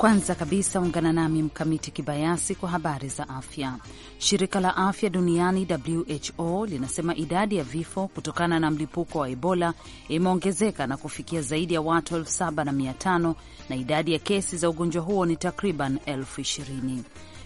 Kwanza kabisa ungana nami Mkamiti Kibayasi kwa habari za afya. Shirika la afya duniani WHO linasema idadi ya vifo kutokana na mlipuko wa Ebola imeongezeka na kufikia zaidi ya watu elfu na na idadi ya kesi za ugonjwa huo ni takriban elfu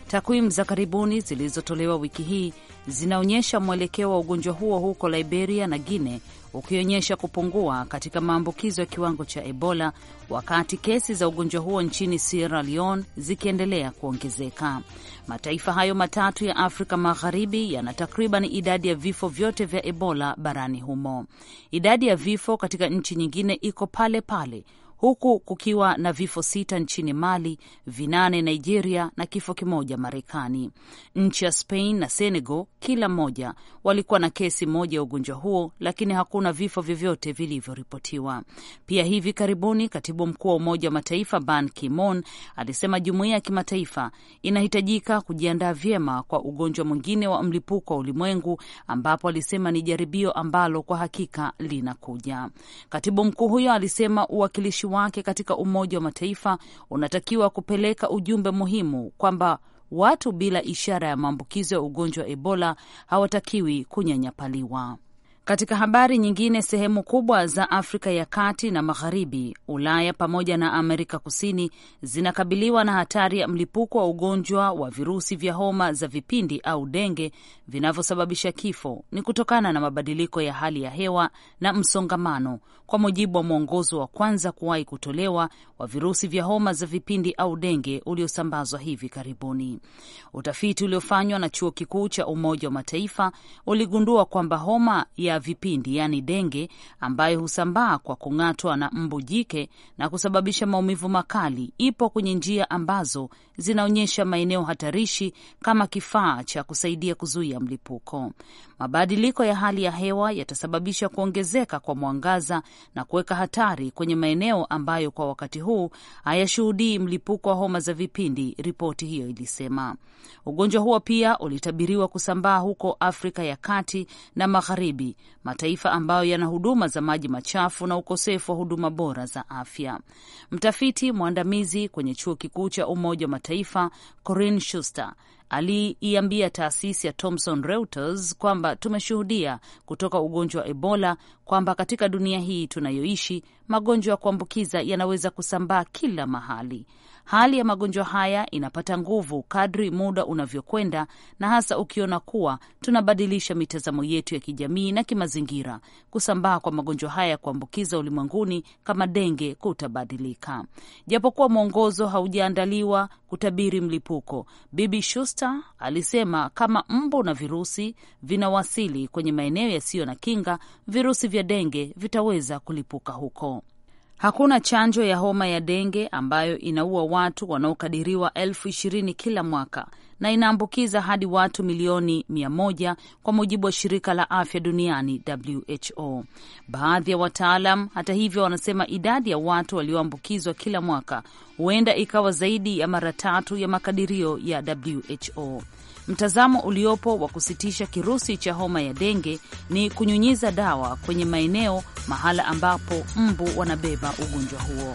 Takwimu za karibuni zilizotolewa wiki hii zinaonyesha mwelekeo wa ugonjwa huo huko Liberia na Guinea ukionyesha kupungua katika maambukizo ya kiwango cha Ebola, wakati kesi za ugonjwa huo nchini Sierra Leone zikiendelea kuongezeka. Mataifa hayo matatu ya Afrika Magharibi yana takriban idadi ya vifo vyote vya Ebola barani humo. Idadi ya vifo katika nchi nyingine iko pale pale, huku kukiwa na vifo sita nchini Mali, vinane Nigeria na kifo kimoja Marekani. Nchi ya Spain na Senegal kila mmoja walikuwa na kesi moja ya ugonjwa huo, lakini hakuna vifo vyovyote vilivyoripotiwa. Pia hivi karibuni katibu mkuu wa Umoja wa Mataifa Ban Ki-moon alisema jumuiya ya kimataifa inahitajika kujiandaa vyema kwa ugonjwa mwingine wa mlipuko wa ulimwengu, ambapo alisema ni jaribio ambalo kwa hakika linakuja. Katibu mkuu huyo alisema uwakilishi wake katika Umoja wa Mataifa unatakiwa kupeleka ujumbe muhimu kwamba watu bila ishara ya maambukizo ya ugonjwa wa Ebola hawatakiwi kunyanyapaliwa. Katika habari nyingine, sehemu kubwa za Afrika ya kati na magharibi, Ulaya pamoja na Amerika Kusini zinakabiliwa na hatari ya mlipuko wa ugonjwa wa virusi vya homa za vipindi au denge vinavyosababisha kifo. Ni kutokana na mabadiliko ya hali ya hewa na msongamano, kwa mujibu wa mwongozo wa kwanza kuwahi kutolewa wa virusi vya homa za vipindi au denge uliosambazwa hivi karibuni. Utafiti uliofanywa na chuo kikuu cha Umoja wa Mataifa uligundua kwamba homa ya ya vipindi yaani denge, ambayo husambaa kwa kung'atwa na mbu jike na kusababisha maumivu makali, ipo kwenye njia ambazo zinaonyesha maeneo hatarishi kama kifaa cha kusaidia kuzuia mlipuko. Mabadiliko ya hali ya hewa yatasababisha kuongezeka kwa mwangaza na kuweka hatari kwenye maeneo ambayo kwa wakati huu hayashuhudii mlipuko wa homa za vipindi, ripoti hiyo ilisema. Ugonjwa huo pia ulitabiriwa kusambaa huko Afrika ya kati na magharibi mataifa ambayo yana huduma za maji machafu na ukosefu wa huduma bora za afya. Mtafiti mwandamizi kwenye chuo kikuu cha Umoja wa Mataifa Corinne Schuster aliiambia taasisi ya Thomson Reuters kwamba tumeshuhudia kutoka ugonjwa wa Ebola kwamba katika dunia hii tunayoishi magonjwa ya kuambukiza yanaweza kusambaa kila mahali. Hali ya magonjwa haya inapata nguvu kadri muda unavyokwenda, na hasa ukiona kuwa tunabadilisha mitazamo yetu ya kijamii na kimazingira. Kusambaa kwa magonjwa haya ya kuambukiza ulimwenguni kama denge kutabadilika. Japokuwa mwongozo haujaandaliwa kutabiri mlipuko, Bibi shuster alisema kama mbu na virusi vinawasili kwenye maeneo yasiyo na kinga, virusi vya denge vitaweza kulipuka huko. Hakuna chanjo ya homa ya denge ambayo inaua watu wanaokadiriwa elfu ishirini kila mwaka na inaambukiza hadi watu milioni mia moja kwa mujibu wa shirika la afya duniani WHO. Baadhi ya wataalam hata hivyo wanasema idadi ya watu walioambukizwa kila mwaka huenda ikawa zaidi ya mara tatu ya makadirio ya WHO. Mtazamo uliopo wa kusitisha kirusi cha homa ya denge ni kunyunyiza dawa kwenye maeneo mahala ambapo mbu wanabeba ugonjwa huo.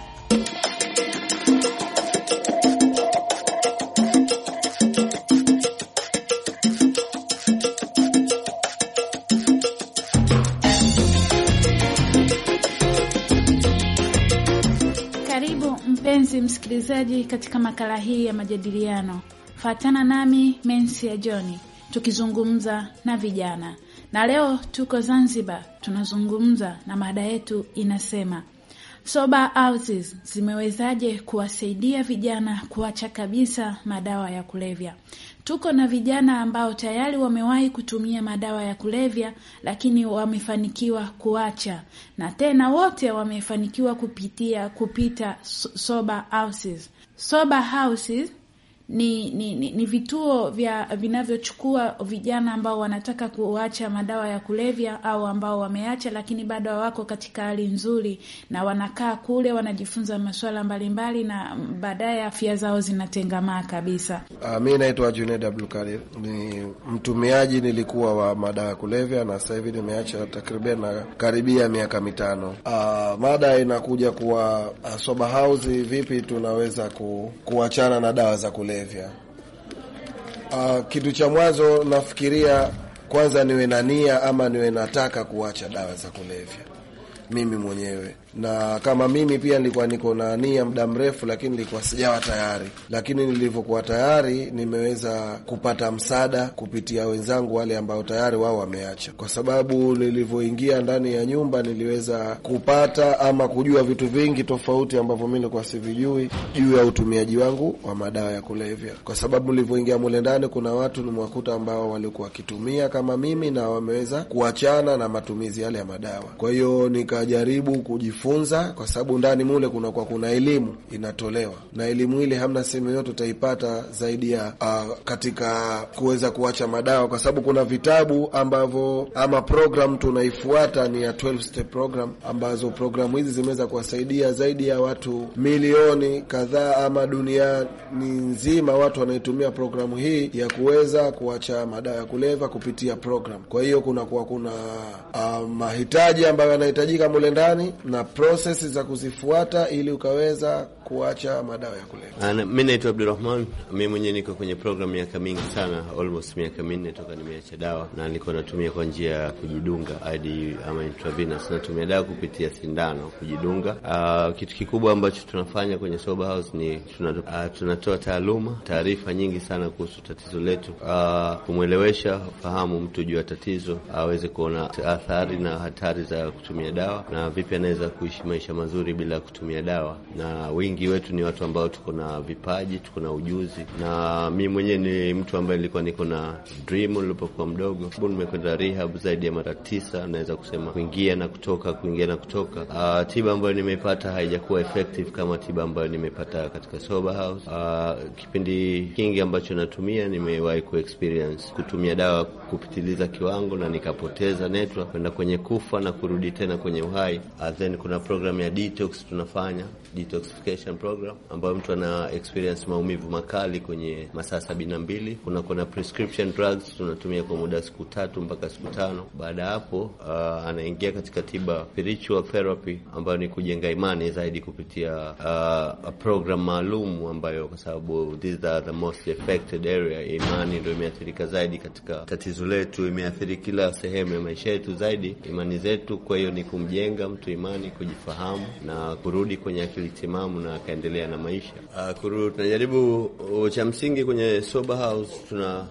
msikilizaji katika makala hii ya majadiliano. Fatana nami Mensi ya Joni tukizungumza na vijana, na leo tuko Zanzibar, tunazungumza na mada yetu inasema sober houses zimewezaje kuwasaidia vijana kuacha kabisa madawa ya kulevya. Tuko na vijana ambao tayari wamewahi kutumia madawa ya kulevya, lakini wamefanikiwa kuacha, na tena wote wamefanikiwa kupitia kupita sober houses. Sober houses ni, ni, ni, ni vituo vya vinavyochukua vijana ambao wanataka kuacha madawa ya kulevya au ambao wameacha lakini bado wako katika hali nzuri, na wanakaa kule wanajifunza masuala mbalimbali na baadaye afya zao zinatengamaa kabisa. Ah, Mi naitwa Junaid Abdul ni mtumiaji nilikuwa wa madawa ya kulevya na sasa hivi nimeacha takriban na karibia miaka mitano. Uh, mada inakuja kuwa uh, sober house, vipi tunaweza ku, kuachana na dawa za kulevya kulevya. Uh, ah, kitu cha mwanzo nafikiria kwanza niwe na nia ama niwe nataka kuacha dawa za kulevya mimi mwenyewe, na kama mimi pia nilikuwa niko na nia muda mrefu, lakini nilikuwa sijawa tayari. Lakini nilivyokuwa tayari, nimeweza kupata msaada kupitia wenzangu wale ambao tayari wao wameacha, kwa sababu nilivyoingia ndani ya nyumba niliweza kupata ama kujua vitu vingi tofauti ambavyo mi nilikuwa sivijui juu ya utumiaji wangu wa madawa ya kulevya, kwa sababu nilivyoingia mule ndani, kuna watu nimewakuta ambao walikuwa wakitumia kama mimi na wameweza kuachana na matumizi yale ya madawa. Kwa hiyo nikajaribu kujifunza kujifunza, kwa sababu ndani mule kunakuwa kuna elimu inatolewa, na elimu ile hamna sehemu yoyote utaipata zaidi ya uh, katika kuweza kuacha madawa, kwa sababu kuna vitabu ambavyo ama program tunaifuata ni ya 12 step program, ambazo programu hizi zimeweza kuwasaidia zaidi ya watu milioni kadhaa ama duniani nzima watu wanaitumia programu hii ya kuweza kuacha madawa ya kuleva kupitia program. Kwa hiyo kunakuwa kuna, kuna uh, mahitaji ambayo yanahitajika mule ndani na prosesi za kuzifuata ili ukaweza kuacha madawa ya kulevya. Ah, mi naitwa Abdurahman, mi mwenyewe niko kwenye programu miaka mingi sana, almost miaka minne toka nimeacha dawa, na niko natumia kwa njia ya kujidunga hadi ama intravenous. Natumia dawa kupitia sindano kujidunga. Uh, kitu kikubwa ambacho tunafanya kwenye sober house ni tunatoa, uh, tunatoa taaluma, taarifa nyingi sana kuhusu tatizo letu, uh, kumwelewesha fahamu mtu juu ya tatizo aweze uh, kuona athari na hatari za kutumia dawa na vipi anaweza kuishi maisha mazuri bila kutumia dawa, na wengi wetu ni watu ambao tuko na vipaji, tuko na ujuzi, na mi mwenyewe ni mtu ambaye nilikuwa niko na dream nilipokuwa mdogo. Nimekwenda rehab zaidi ya mara tisa, naweza kusema kuingia na kutoka, kuingia na kutoka. Uh, tiba ambayo nimeipata haijakuwa effective kama tiba ambayo nimepata katika sober house. Uh, kipindi kingi ambacho natumia nimewahi kuexperience kutumia dawa kupitiliza kiwango na nikapoteza netwa kwenda kwenye kufa na kurudi tena kwenye uhai. Uh, then kuna programu ya detox tunafanya detoxification program ambayo mtu ana experience maumivu makali kwenye masaa sabini na mbili. Kuna kuna prescription drugs tunatumia kwa muda siku tatu mpaka siku tano. Baada ya hapo, uh, anaingia katika tiba spiritual therapy ambayo ni kujenga imani zaidi kupitia uh, a program maalum ambayo, kwa sababu these are the most affected area, imani ndio imeathirika zaidi katika tatizo letu, imeathiri kila sehemu ya maisha yetu zaidi imani zetu. Kwa hiyo ni kumjenga mtu imani, kujifahamu na kurudi kwenye akili alitimamu na akaendelea na maisha. Uh, ah, kuru tunajaribu cha msingi kwenye sober house tuna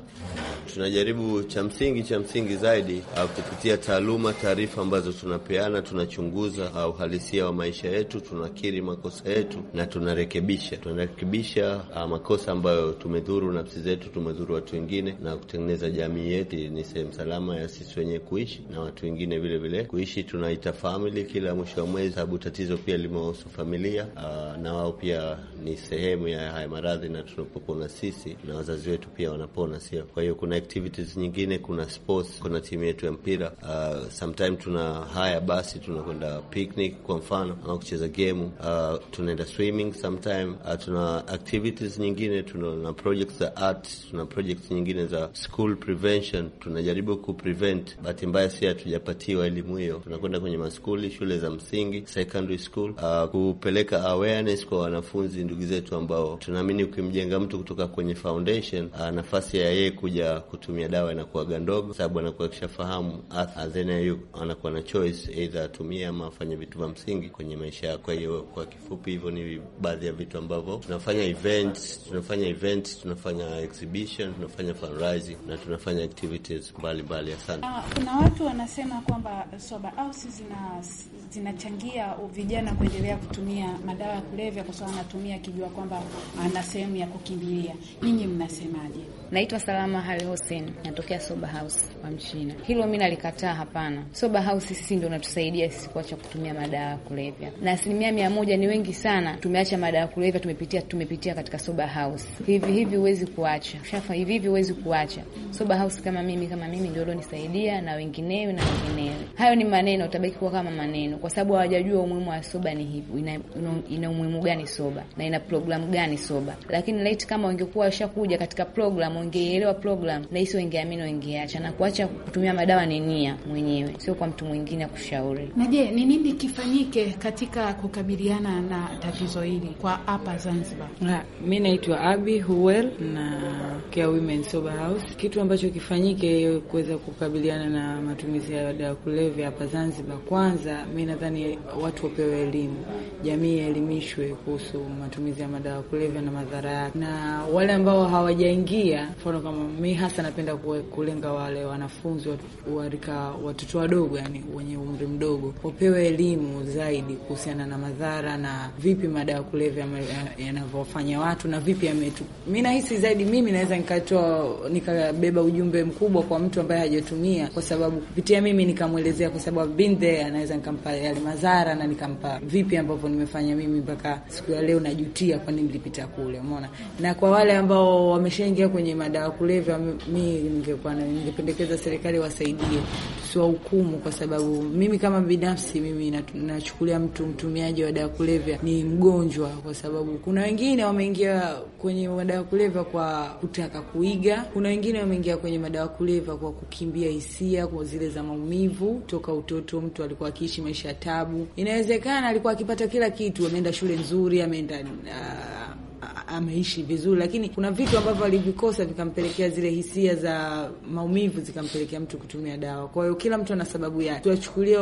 tunajaribu cha msingi cha msingi zaidi kupitia taaluma, taarifa ambazo tunapeana, tunachunguza uhalisia wa maisha yetu, tunakiri makosa yetu na tunarekebisha, tunarekebisha ah, makosa ambayo tumedhuru nafsi zetu, tumedhuru watu wengine na kutengeneza jamii yetu ni sehemu salama ya sisi wenyewe kuishi na watu wengine vile vile kuishi. Tunaita famili kila mwisho wa mwezi, sababu tatizo pia limewahusu familia uh, na wao pia ni sehemu ya haya maradhi, na tunapopona sisi na wazazi wetu pia wanapona, sio? Kwa hiyo kuna activities nyingine, kuna sports, kuna timu yetu ya mpira uh, sometime tuna haya basi, tunakwenda picnic kwa mfano ama kucheza game uh, tunaenda swimming sometime uh, tuna activities nyingine, tuna projects za art, tuna projects nyingine za school prevention, tunajaribu ku prevent. Bahati mbaya si hatujapatiwa elimu hiyo, tunakwenda kwenye maskuli, shule za msingi, secondary school uh, kupeleka awareness kwa wanafunzi ndugu zetu ambao tunaamini ukimjenga mtu kutoka kwenye foundation uh, nafasi ya yeye kuja kutumia dawa inakuwaga ndogo, sababu anakuwa akishafahamu azena anakuwa na choice, eidha atumie ama afanye vitu vya msingi kwenye maisha yao. Kwa hiyo kwa kifupi, hivyo ni baadhi ya vitu ambavyo tunafanya events, tunafanya events, tunafanya exhibition, tunafanya fundraising na tunafanya activities mbalimbali. Asante. Ah, kuna watu wanasema kwamba soba house zina zinachangia vijana kuendelea kutumia madawa ya kulevya kwa sababu anatumia akijua kwamba ana sehemu ya kukimbilia. Ninyi mnasemaje? Naitwa Salama Hali Hussein, natokea Sober House kwa Mchina. Hilo mimi nalikataa, hapana. Sober House sisi ndio natusaidia sisi kuacha kutumia madawa ya kulevya, na asilimia mia moja ni wengi sana tumeacha madawa ya kulevya, tumepitia tumepitia katika Sober House. Hivi hivi huwezi kuacha shafa, hivi hivi huwezi kuacha Sober House. Kama mimi kama mimi ndio lionisaidia na wengineo na wengineo. Hayo ni maneno, utabaki kuwa kama maneno kwa sababu hawajajua umuhimu wa soba ni hivyo, ina, ina umuhimu gani soba na ina programu gani soba. Lakini laiti kama wangekuwa washakuja katika program, wangeielewa na hisi wangeamini, wangeacha na kuacha kutumia madawa. Ni nia mwenyewe, sio kwa mtu mwingine akushauri. Na je, ni nini kifanyike katika kukabiliana na tatizo hili kwa hapa Zanzibar? Ah, mi naitwa Abi Huwel na Care Women Sober House. Kitu ambacho kifanyike kuweza kukabiliana na matumizi ya dawa kulevya hapa Zanzibar, kwanza mi nadhani watu wapewe elimu, jamii yaelimishwe kuhusu matumizi ya madawa kulevya na madhara yake, na wale ambao hawajaingia, mfano kama mi hasa napenda kulenga wale wanafunzi warika, watoto wadogo, yani wenye umri mdogo, wapewe elimu zaidi kuhusiana na madhara na vipi madawa ya kulevya yanavyofanya watu na vipi yametu. Mi nahisi zaidi, mimi naweza nikatoa nikabeba ujumbe mkubwa kwa mtu ambaye hajatumia, kwa sababu kupitia mimi nikamwelezea, kwa sababu been there, anaweza nikampa yale madhara na nikampa vipi ambavyo nimefanya mimi mpaka siku ya leo najutia kwa nini nilipita kule, umeona. Na kwa wale ambao wameshaingia kwenye madawa kulevya, mi ningependekeza serikali wasaidie usiwahukumu, kwa sababu mimi kama binafsi mimi nachukulia mtu mtumiaji wa dawa kulevya ni mgonjwa, kwa sababu kuna wengine wameingia kwenye madawa kulevya kwa kutaka kuiga, kuna wengine wameingia kwenye madawa kulevya kwa kukimbia hisia kwa zile za maumivu toka utoto. Mtu alikuwa akiishi maisha ya tabu, inawezekana alikuwa akipata kila kitu, ameenda shule nzuri, ameenda uh, ameishi vizuri, lakini kuna vitu ambavyo alivikosa vikampelekea zile hisia za maumivu zikampelekea mtu kutumia dawa. Kwa hiyo kila mtu ana sababu yake. Tuwachukulia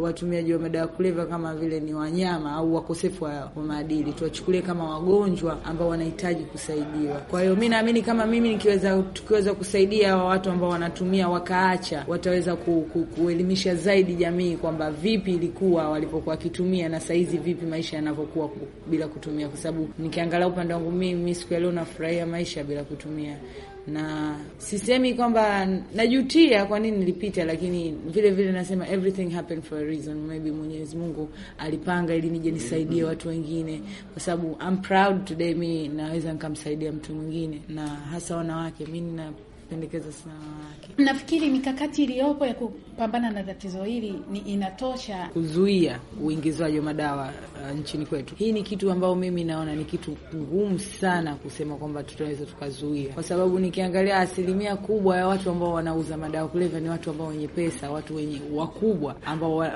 watumiaji wa madawa kulevya kama vile ni wanyama au wakosefu wa maadili, tuwachukulie kama wagonjwa ambao wanahitaji kusaidiwa. Kwa hiyo mi naamini kama mimi nikiweza, tukiweza kusaidia hawa watu ambao wanatumia wakaacha, wataweza ku, ku, kuelimisha zaidi jamii kwamba vipi ilikuwa walipokuwa wakitumia na sahizi vipi maisha yanavyokuwa bila kutumia, kwa sababu nikiangalia upande wangu mimi siku ya leo nafurahia maisha bila kutumia, na sisemi kwamba najutia kwa nini nilipita, lakini vile vile nasema everything happen for a reason. Maybe Mwenyezi Mungu alipanga ili nije nisaidie mm-hmm. watu wengine, kwa sababu I'm proud today, mi naweza nikamsaidia mtu mwingine, na hasa wanawake. Mi nina kupendekeza sana Nafikiri mikakati iliyopo ya kupambana na tatizo hili ni inatosha kuzuia uingizwaji wa madawa uh, nchini kwetu. Hii ni kitu ambayo mimi naona ni kitu ngumu sana kusema kwamba tutaweza tukazuia, kwa sababu nikiangalia asilimia kubwa ya watu ambao wanauza madawa kulevya ni watu ambao wenye pesa, watu wenye wakubwa ambao wa,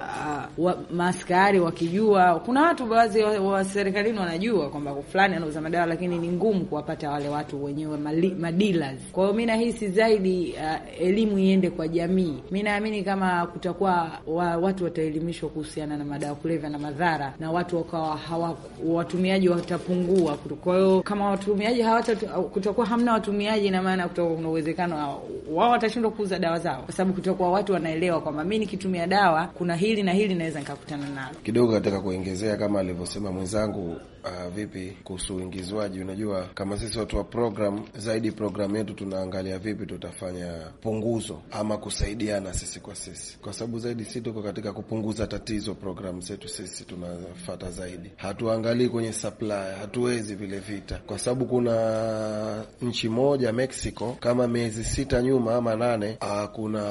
uh, wa, maaskari wakijua. Kuna watu baadhi wa, wa serikalini wanajua kwamba fulani anauza madawa, lakini ni ngumu kuwapata wale watu wenyewe madilas Kwa hiyo mi nahisi zaidi uh, elimu iende kwa jamii. Mi naamini kama kutakuwa wa, watu wataelimishwa kuhusiana na madawa kulevya na madhara, na watu wakawa hawa, watumiaji watapungua. Kwa hiyo kama watumiaji hawata, kutakuwa hamna watumiaji, na maana kutakuwa kuna uwezekano wao watashindwa kuuza dawa zao, kwa sababu kutakuwa watu wanaelewa kwamba mi nikitumia dawa kuna hili na hili naweza nikakutana nalo. Kidogo nataka kuongezea kama alivyosema mwenzangu uh, vipi kuhusu uingizwaji? Unajua, kama sisi watu wa program zaidi, programu yetu tunaangalia vipi tutafanya punguzo ama kusaidiana sisi kwa sisi, kwa sababu zaidi si tuko katika kupunguza tatizo. Programu zetu sisi tunafata zaidi, hatuangalii kwenye supply, hatuwezi vile vita, kwa sababu kuna nchi moja Mexico, kama miezi sita nyuma ama nane, uh, kuna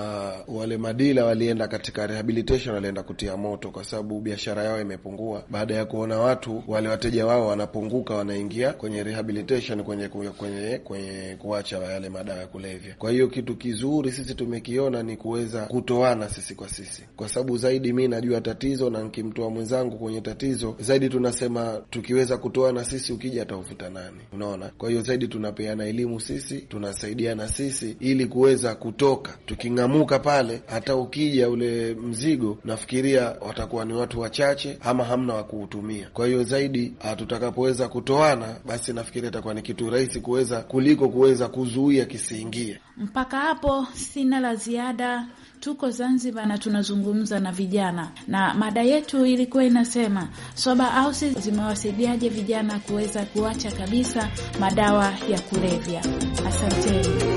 wale madila walienda katika rehabilitation, walienda kutia moto, kwa sababu biashara yao imepungua baada ya kuona watu wale wateja wao wanapunguka, wanaingia kwenye rehabilitation, kwenye kwenye kwenye kuacha yale madawa ya kulevya. Kwa hiyo kitu kizuri sisi tumekiona ni kuweza kutoana sisi kwa sisi, kwa sababu zaidi mi najua tatizo na nkimtoa mwenzangu kwenye tatizo zaidi, tunasema tukiweza kutoana sisi, ukija atavuta nani? Unaona, kwa hiyo zaidi tunapeana elimu sisi, tunasaidiana sisi ili kuweza kutoka. Tuking'amuka pale, hata ukija ule mzigo, nafikiria watakuwa ni watu wachache ama hamna wa kuutumia. Kwa hiyo zaidi tutakapoweza kutoana, basi nafikiri itakuwa ni kitu rahisi kuweza kuliko kuweza kuzuia kisiingie. Mpaka hapo sina la ziada. Tuko Zanzibar na tunazungumza na vijana, na mada yetu ilikuwa inasema soba ausi zimewasaidiaje vijana kuweza kuacha kabisa madawa ya kulevya. Asanteni.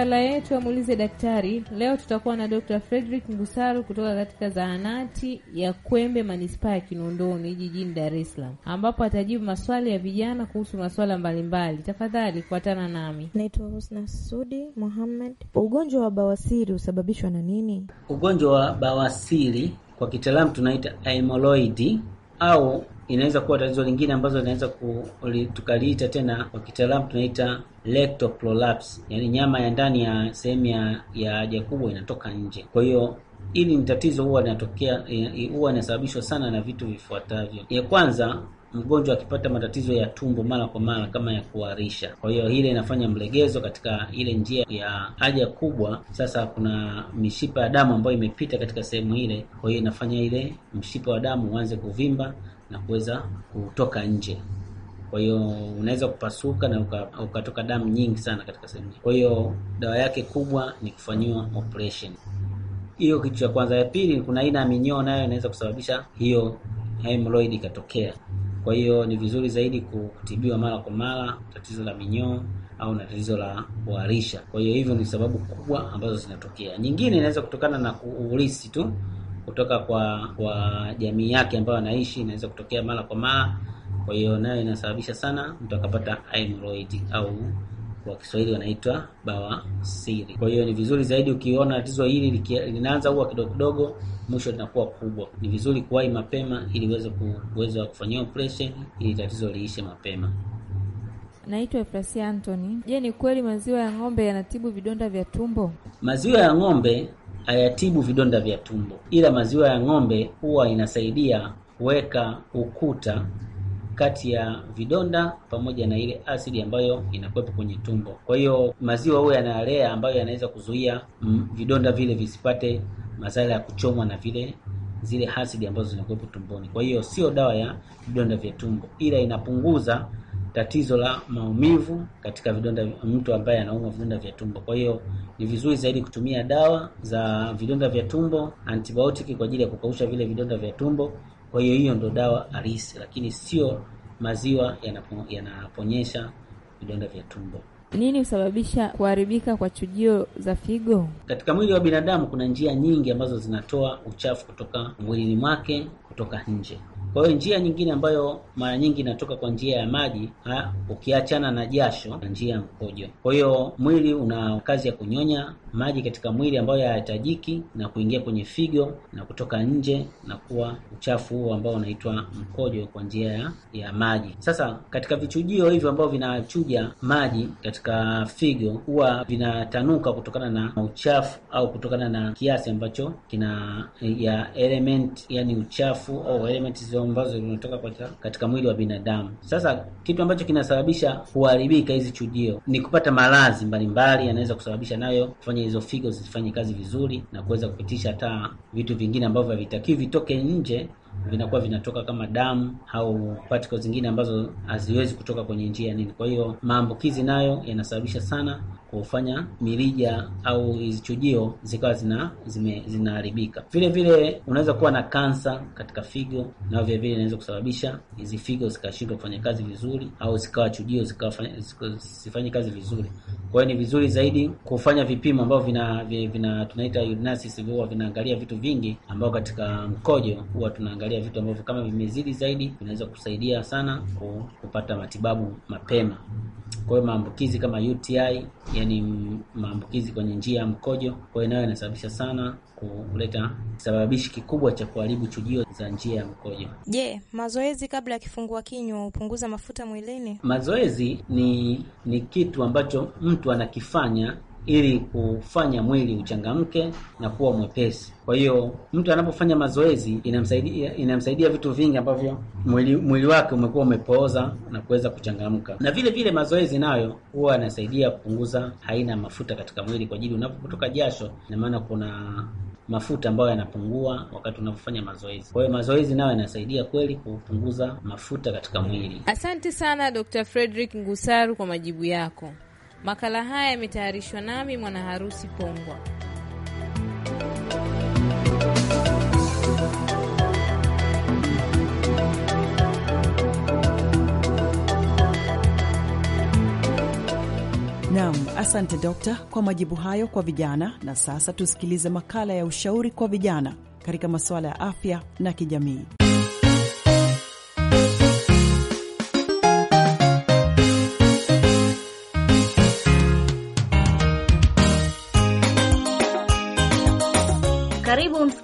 makala yetu amuulize daktari. Leo tutakuwa na Dr. Frederick Ngusaru kutoka katika zahanati ya Kwembe manispaa ya Kinondoni jijini Dar es Salaam, ambapo atajibu maswali ya vijana kuhusu maswala mbalimbali. Tafadhali kuatana nami, naitwa Husna Sudi Muhammad. Ugonjwa wa bawasiri husababishwa na nini? Ugonjwa wa bawasiri kwa kitaalamu tunaita amoloidi au inaweza kuwa tatizo lingine ambazo linaweza tukaliita tena kwa kitaalamu tunaita rectal prolapse, yani nyama ya ndani ya sehemu ya ya haja kubwa inatoka nje. Kwa hiyo hili ni tatizo huwa linatokea, e, e, huwa inasababishwa sana na vitu vifuatavyo. Ya kwanza mgonjwa akipata matatizo ya tumbo mara kwa mara kama ya kuharisha, kwa hiyo ile inafanya mlegezo katika ile njia ya haja kubwa. Sasa kuna mishipa ya damu ambayo imepita katika sehemu ile, kwa hiyo inafanya ile mshipa wa damu uanze kuvimba na kuweza kutoka nje. Kwa hiyo unaweza kupasuka na ukatoka damu nyingi sana katika sehemu. Kwa hiyo dawa yake kubwa ni kufanyiwa operation. Hiyo kitu cha kwanza. Ya pili, kuna aina ya minyoo nayo inaweza kusababisha hiyo hemorrhoid ikatokea. Kwa hiyo ni vizuri zaidi kutibiwa mara kwa mara tatizo la minyoo au na tatizo la kuharisha. Kwa hiyo hivyo ni sababu kubwa ambazo zinatokea. Nyingine inaweza kutokana na kuulisi tu kutoka kwa kwa jamii yake ambayo anaishi, inaweza kutokea mara kwa mara. Kwa hiyo nayo inasababisha sana mtu akapata hemorrhoid au kwa Kiswahili wanaitwa bawa siri. Kwa hiyo ni vizuri zaidi ukiona tatizo hili linaanza huwa kidogo kidogo, mwisho linakuwa kubwa, ni vizuri kuwahi mapema ili uweze kuweza kufanyia operation ili tatizo liishe mapema. Naitwa Efrasia Anthony. Je, ni kweli maziwa ya ng'ombe yanatibu vidonda vya tumbo? Maziwa ya ng'ombe hayatibu vidonda vya tumbo, ila maziwa ya ng'ombe huwa inasaidia kuweka ukuta kati ya vidonda pamoja na ile asidi ambayo inakuwepo kwenye tumbo. Kwa hiyo maziwa huwa yanalea ambayo yanaweza kuzuia mm, vidonda vile visipate madhara ya kuchomwa na vile zile asidi ambazo zinakuwepo tumboni. Kwa hiyo sio dawa ya vidonda vya tumbo, ila inapunguza tatizo la maumivu katika vidonda, mtu ambaye anaumwa vidonda vya tumbo. Kwa hiyo ni vizuri zaidi kutumia dawa za vidonda vya tumbo, antibiotic kwa ajili ya kukausha vile vidonda vya tumbo. Kwa hiyo hiyo ndo dawa halisi, lakini sio maziwa yanapo, yanaponyesha vidonda vya tumbo. Nini husababisha kuharibika kwa chujio za figo katika mwili wa binadamu? Kuna njia nyingi ambazo zinatoa uchafu kutoka mwilini mwake kutoka nje. Kwa hiyo njia nyingine ambayo mara nyingi inatoka kwa njia ya maji ha, ukiachana na jasho na njia ya mkojo. Kwa hiyo mwili una kazi ya kunyonya maji katika mwili ambayo hayahitajiki na kuingia kwenye figo na kutoka nje na kuwa uchafu huo ambao unaitwa mkojo kwa njia ya, ya maji. Sasa katika vichujio hivyo ambao vinachuja maji katika figo huwa vinatanuka kutokana na uchafu au kutokana na kiasi ambacho kina ya element yani uchafu au elements ambazo zinatoka katika mwili wa binadamu. Sasa kitu ambacho kinasababisha kuharibika hizi chujio ni kupata maradhi mbalimbali, yanaweza kusababisha nayo kufanya hizo figo zisifanye kazi vizuri na kuweza kupitisha hata vitu vingine ambavyo havitakiwi vitoke nje vinakuwa vinatoka kama damu au particles zingine ambazo haziwezi kutoka kwenye njia nini. Kwa hiyo maambukizi nayo yanasababisha sana kufanya mirija au hizi chujio zikawa zina zime, zinaharibika. Vile vile unaweza kuwa na kansa katika figo, na vile vile inaweza kusababisha hizi figo zikashindwa kufanya kazi vizuri, au zikawa chujio zikawa zisifanye kazi vizuri. Kwa hiyo ni vizuri zaidi kufanya vipimo ambavyo vina, vina, vina tunaita urinalysis, huwa vinaangalia vitu vingi ambao katika mkojo huwa tuna unaangalia vitu ambavyo kama vimezidi zaidi vinaweza kusaidia sana kupata matibabu mapema. Kwa hiyo maambukizi kama UTI, yani maambukizi kwenye njia ya mkojo, kwa hiyo nayo inasababisha sana kuleta kisababishi kikubwa cha kuharibu chujio za njia ya mkojo. Je, yeah, mazoezi kabla ya kifungua kinywa hupunguza mafuta mwilini? Mazoezi ni ni kitu ambacho mtu anakifanya ili kufanya mwili uchangamke na kuwa mwepesi. Kwa hiyo mtu anapofanya mazoezi inamsaidia, inamsaidia vitu vingi ambavyo mwili, mwili wake umekuwa umepooza na kuweza kuchangamka. Na vile vile mazoezi nayo huwa yanasaidia kupunguza haina mafuta katika mwili, kwa ajili unapotoka jasho, na maana kuna mafuta ambayo yanapungua wakati unapofanya mazoezi. Kwa hiyo mazoezi nayo yanasaidia kweli kupunguza mafuta katika mwili. Asante sana Dr. Frederick Ngusaru kwa majibu yako. Makala haya yametayarishwa nami Mwana Harusi Pongwa. Naam, asante dokta kwa majibu hayo kwa vijana. Na sasa tusikilize makala ya ushauri kwa vijana katika masuala ya afya na kijamii.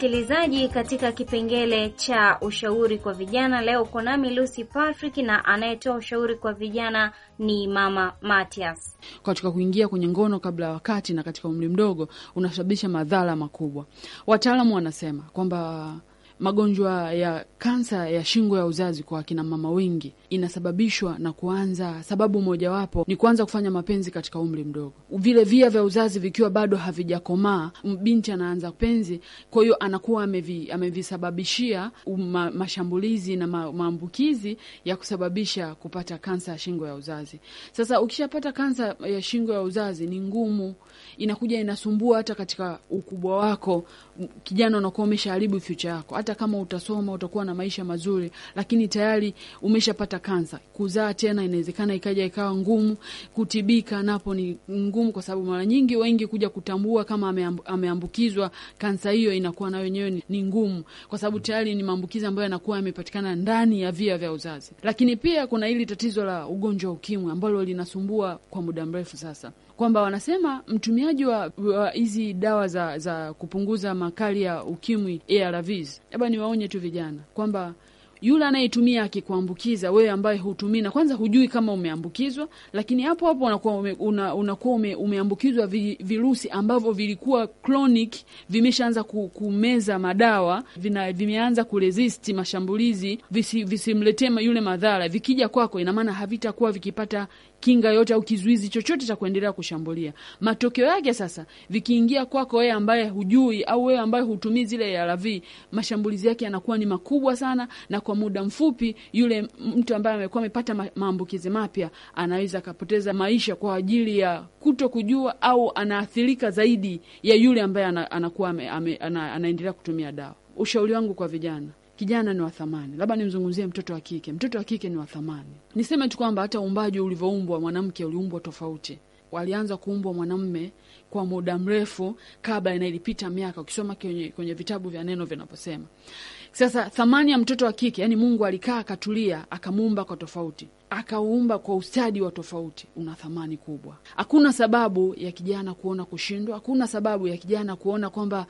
msikilizaji, katika kipengele cha ushauri kwa vijana leo uko nami Lucy Patrick, na anayetoa ushauri kwa vijana ni Mama Matias. Katika kuingia kwenye ngono kabla ya wakati na katika umri mdogo unasababisha madhara makubwa. Wataalamu wanasema kwamba magonjwa ya kansa ya shingo ya uzazi kwa akina mama wengi inasababishwa na kuanza, sababu mojawapo ni kuanza kufanya mapenzi katika umri mdogo, vile via vya uzazi vikiwa bado havijakomaa, binti anaanza penzi, kwa hiyo anakuwa amevi, amevisababishia uma, mashambulizi na ma, maambukizi ya kusababisha kupata kansa ya shingo ya uzazi. Sasa ukishapata kansa ya shingo ya uzazi ni ngumu, inakuja inasumbua hata katika ukubwa wako. Kijana unakuwa umeshaharibu future yako, hata kama utasoma utakuwa na maisha mazuri, lakini tayari umeshapata kupata kansa. Kuzaa tena inawezekana ikaja ikawa ngumu, kutibika napo ni ngumu, kwa sababu mara nyingi wengi kuja kutambua kama ameambukizwa kansa hiyo inakuwa na wenyewe ni ngumu, kwa sababu tayari ni maambukizi ambayo yanakuwa yamepatikana ndani ya via vya uzazi. Lakini pia kuna hili tatizo la ugonjwa wa ukimwi ambalo linasumbua kwa muda mrefu sasa kwamba wanasema mtumiaji wa hizi dawa za, za kupunguza makali ya ukimwi ARVs, labda niwaonye tu vijana kwamba yule anayetumia akikuambukiza wewe ambaye hutumii, na kwanza hujui kama umeambukizwa, lakini hapo hapo unakuwa ume, una, unakuwa ume, umeambukizwa vi, virusi ambavyo vilikuwa chronic, vimeshaanza kumeza madawa vina, vimeanza kuresist mashambulizi, visimletee visi yule madhara. Vikija kwako, ina maana havitakuwa vikipata kinga yote au kizuizi chochote cha kuendelea kushambulia. Matokeo yake sasa, vikiingia kwako wewe ambaye hujui au wewe ambaye hutumii zile ARV, mashambulizi yake yanakuwa ni makubwa sana, na kwa muda mfupi yule mtu ambaye amekuwa amepata maambukizi mapya anaweza akapoteza maisha kwa ajili ya kuto kujua, au anaathirika zaidi ya yule ambaye anakuwa anaendelea kutumia dawa. Ushauri wangu kwa vijana kijana ni wa thamani, labda nimzungumzie mtoto wa kike. Mtoto wa kike ni wa thamani. Niseme tu kwamba hata uumbaji ulivyoumbwa mwanamke uliumbwa tofauti walianza kuumbwa mwanamme kwa muda mrefu kabla, inailipita miaka ukisoma kwenye, kwenye vitabu vya neno vinavyosema Sasa thamani ya mtoto wa kike, yani Mungu alikaa akatulia akamuumba kwa tofauti akauumba kwa ustadi wa tofauti una thamani kubwa. Hakuna sababu ya kijana kuona kushindwa, hakuna sababu ya kijana kuona kwamba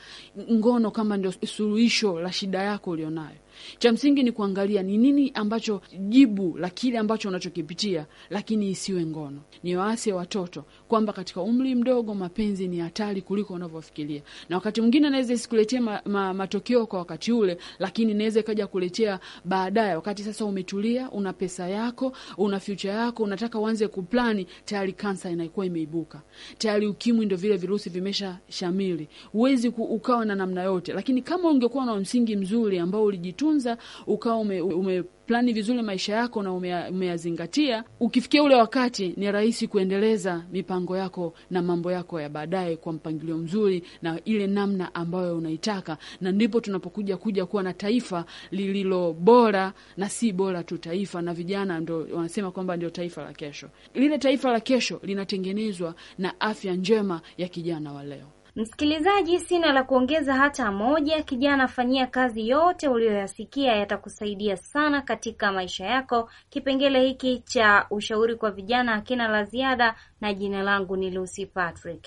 ngono kama ndio suluhisho la shida yako ulionayo. Cha msingi ni kuangalia ni nini ambacho jibu la kile ambacho unachokipitia, lakini isiwe ngono. Ni waase watoto kwamba katika umri mdogo mapenzi ni hatari kuliko unavyofikiria, na wakati mwingine naweza isikuletea ma, ma, matokeo kwa wakati ule, lakini naweza ikaja kuletea baadaye, wakati sasa umetulia, una pesa yako una future yako, unataka uanze kuplani, tayari kansa inakuwa imeibuka tayari, ukimwi ndo vile virusi vimesha shamili. Huwezi ukawa na namna yote, lakini kama ungekuwa na msingi mzuri ambao ulijitunza ukawa ume, ume plani vizuri maisha yako na umeyazingatia, ukifikia ule wakati ni rahisi kuendeleza mipango yako na mambo yako ya baadaye kwa mpangilio mzuri na ile namna ambayo unaitaka, na ndipo tunapokuja kuja kuwa na taifa lililo bora, na si bora tu taifa, na vijana ndo wanasema kwamba ndio taifa la kesho. Lile taifa la kesho linatengenezwa na afya njema ya kijana wa leo. Msikilizaji, sina la kuongeza hata moja. Kijana, fanyia kazi yote uliyoyasikia, yatakusaidia sana katika maisha yako. Kipengele hiki cha ushauri kwa vijana hakina la ziada, na jina langu ni Lucy Patrick.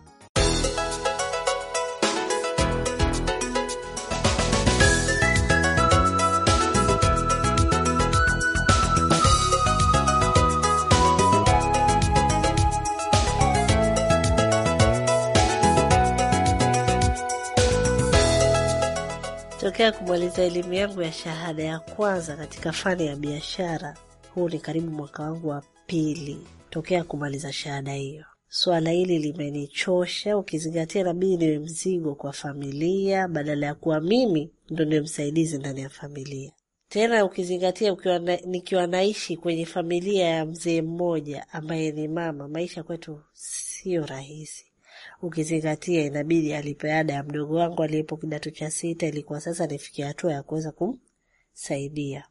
Baada ya kumaliza elimu yangu ya shahada ya kwanza katika fani ya biashara, huu ni karibu mwaka wangu wa pili tokea kumaliza shahada hiyo. Swala hili limenichosha, ukizingatia na mimi niwe mzigo kwa familia, badala ya kuwa mimi ndo niwe msaidizi ndani ya familia. Tena ukizingatia ukiwa na, nikiwa naishi kwenye familia ya mzee mmoja ambaye ni mama, maisha kwetu siyo rahisi ukizingatia inabidi alipe ada ya mdogo wangu aliyepo kidato cha sita, ilikuwa sasa nifikia hatua ya kuweza kumsaidia.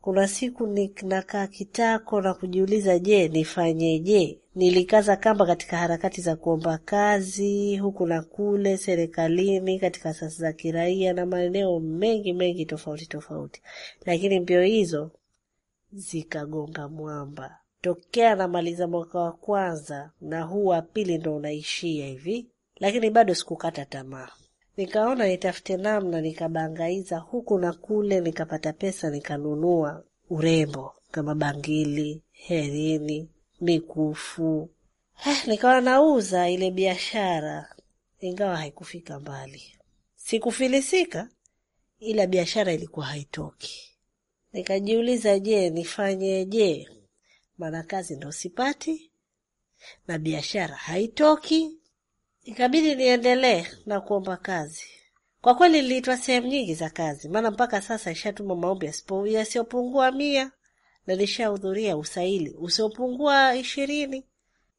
Kuna siku ninakaa kitako na kujiuliza, je, nifanyeje? Nilikaza kamba katika harakati za kuomba kazi huku na kule, serikalini, katika asasi za kiraia na maeneo mengi mengi tofauti tofauti, lakini mbio hizo zikagonga mwamba tokea namaliza mwaka wa kwanza na huu wa pili ndo unaishia hivi, lakini bado sikukata tamaa. Nikaona nitafute namna, nikabangaiza huku na kule, nikapata pesa, nikanunua urembo kama bangili, herini, mikufu. Eh, nikawa nauza ile biashara, ingawa haikufika mbali. Sikufilisika, ila biashara ilikuwa haitoki. Nikajiuliza, je, nifanyeje? maana kazi ndo sipati na biashara haitoki, ikabidi niendelee na kuomba kazi. Kwa kweli niliitwa sehemu nyingi za kazi, maana mpaka sasa ishatuma maombi yasiyopungua mia na nilishahudhuria usaili usiopungua ishirini.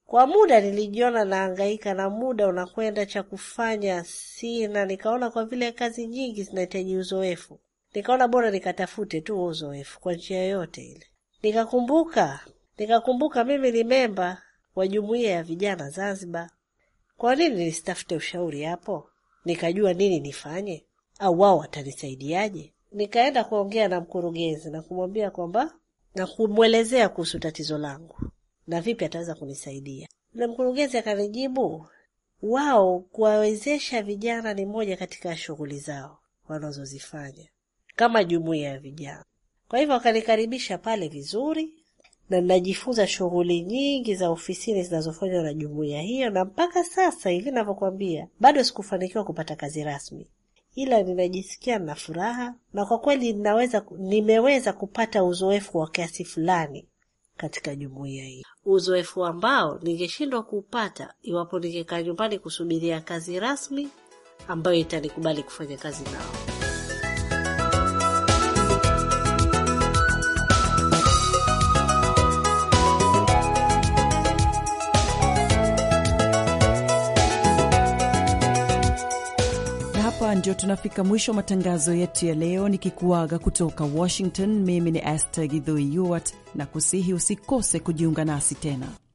Kwa muda nilijiona naangaika na muda unakwenda, cha kufanya sina. Nikaona kwa vile kazi nyingi zinahitaji uzoefu, nikaona bora nikatafute tu uzoefu kwa njia yoyote ile. Nikakumbuka Nikakumbuka mimi ni memba wa jumuiya ya vijana Zanzibar. Kwa nini nisitafute ushauri hapo, nikajua nini nifanye au wao watanisaidiaje? Nikaenda kuongea na mkurugenzi na kumwambia kwamba na kumwelezea kuhusu tatizo langu na vipi ataweza kunisaidia. Na mkurugenzi akanijibu, wao kuwawezesha vijana ni moja katika shughuli zao wanazozifanya kama jumuiya ya vijana. Kwa hivyo wakanikaribisha pale vizuri, na najifunza shughuli nyingi za ofisini zinazofanywa na jumuiya hiyo, na mpaka sasa hivi navyokwambia bado sikufanikiwa kupata kazi rasmi, ila ninajisikia na furaha, na kwa kweli ninaweza nimeweza kupata uzoefu wa kiasi fulani katika jumuiya hii, uzoefu ambao ningeshindwa kuupata iwapo ningekaa nyumbani kusubiria kazi rasmi ambayo itanikubali kufanya kazi nao. ndio tunafika mwisho matangazo yetu ya leo, nikikuaga kutoka Washington. Mimi ni Esther Gidhui Yuwat, na kusihi usikose kujiunga nasi tena.